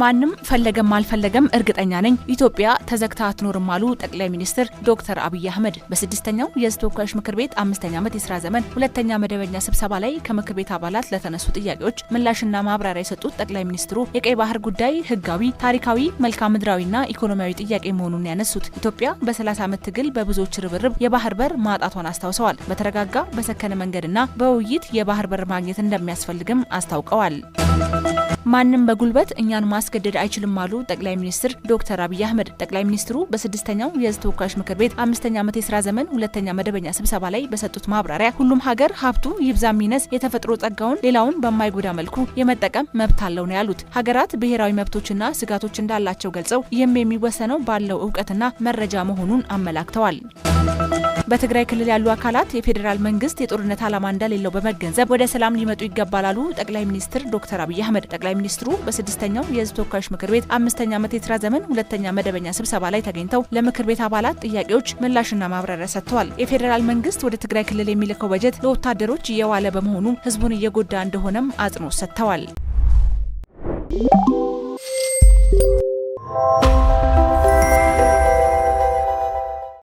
ማንም ፈለገም አልፈለገም እርግጠኛ ነኝ ኢትዮጵያ ተዘግታ አትኖርም አሉ ጠቅላይ ሚኒስትር ዶክተር አብይ አህመድ በስድስተኛው የህዝብ ተወካዮች ምክር ቤት አምስተኛ ዓመት የስራ ዘመን ሁለተኛ መደበኛ ስብሰባ ላይ ከምክር ቤት አባላት ለተነሱ ጥያቄዎች ምላሽና ማብራሪያ የሰጡት ጠቅላይ ሚኒስትሩ የቀይ ባህር ጉዳይ ህጋዊ፣ ታሪካዊ፣ መልክዓ ምድራዊና ኢኮኖሚያዊ ጥያቄ መሆኑን ያነሱት ኢትዮጵያ በ30 ዓመት ትግል በብዙዎች ርብርብ የባህር በር ማጣቷን አስታውሰዋል። በተረጋጋ በሰከነ መንገድና በውይይት የባህር በር ማግኘት እንደሚያስፈልግም አስታውቀዋል። ማንም በጉልበት እኛን ማስ ማስገደድ አይችልም አሉ ጠቅላይ ሚኒስትር ዶክተር አብይ አህመድ። ጠቅላይ ሚኒስትሩ በስድስተኛው የህዝብ ተወካዮች ምክር ቤት አምስተኛ ዓመት የስራ ዘመን ሁለተኛ መደበኛ ስብሰባ ላይ በሰጡት ማብራሪያ ሁሉም ሀገር ሀብቱ ይብዛ ሚነስ የተፈጥሮ ጸጋውን ሌላውን በማይጎዳ መልኩ የመጠቀም መብት አለው ነው ያሉት። ሀገራት ብሔራዊ መብቶችና ስጋቶች እንዳላቸው ገልጸው ይህም የሚወሰነው ባለው እውቀትና መረጃ መሆኑን አመላክተዋል። በትግራይ ክልል ያሉ አካላት የፌዴራል መንግስት የጦርነት ዓላማ እንደሌለው በመገንዘብ ወደ ሰላም ሊመጡ ይገባል አሉ ጠቅላይ ሚኒስትር ዶክተር አብይ አህመድ። ጠቅላይ ሚኒስትሩ በስድስተኛው የህዝብ ተወካዮች ምክር ቤት አምስተኛ ዓመት የስራ ዘመን ሁለተኛ መደበኛ ስብሰባ ላይ ተገኝተው ለምክር ቤት አባላት ጥያቄዎች ምላሽና ማብራሪያ ሰጥተዋል። የፌዴራል መንግስት ወደ ትግራይ ክልል የሚልከው በጀት ለወታደሮች እየዋለ በመሆኑ ህዝቡን እየጎዳ እንደሆነም አጽንኦት ሰጥተዋል።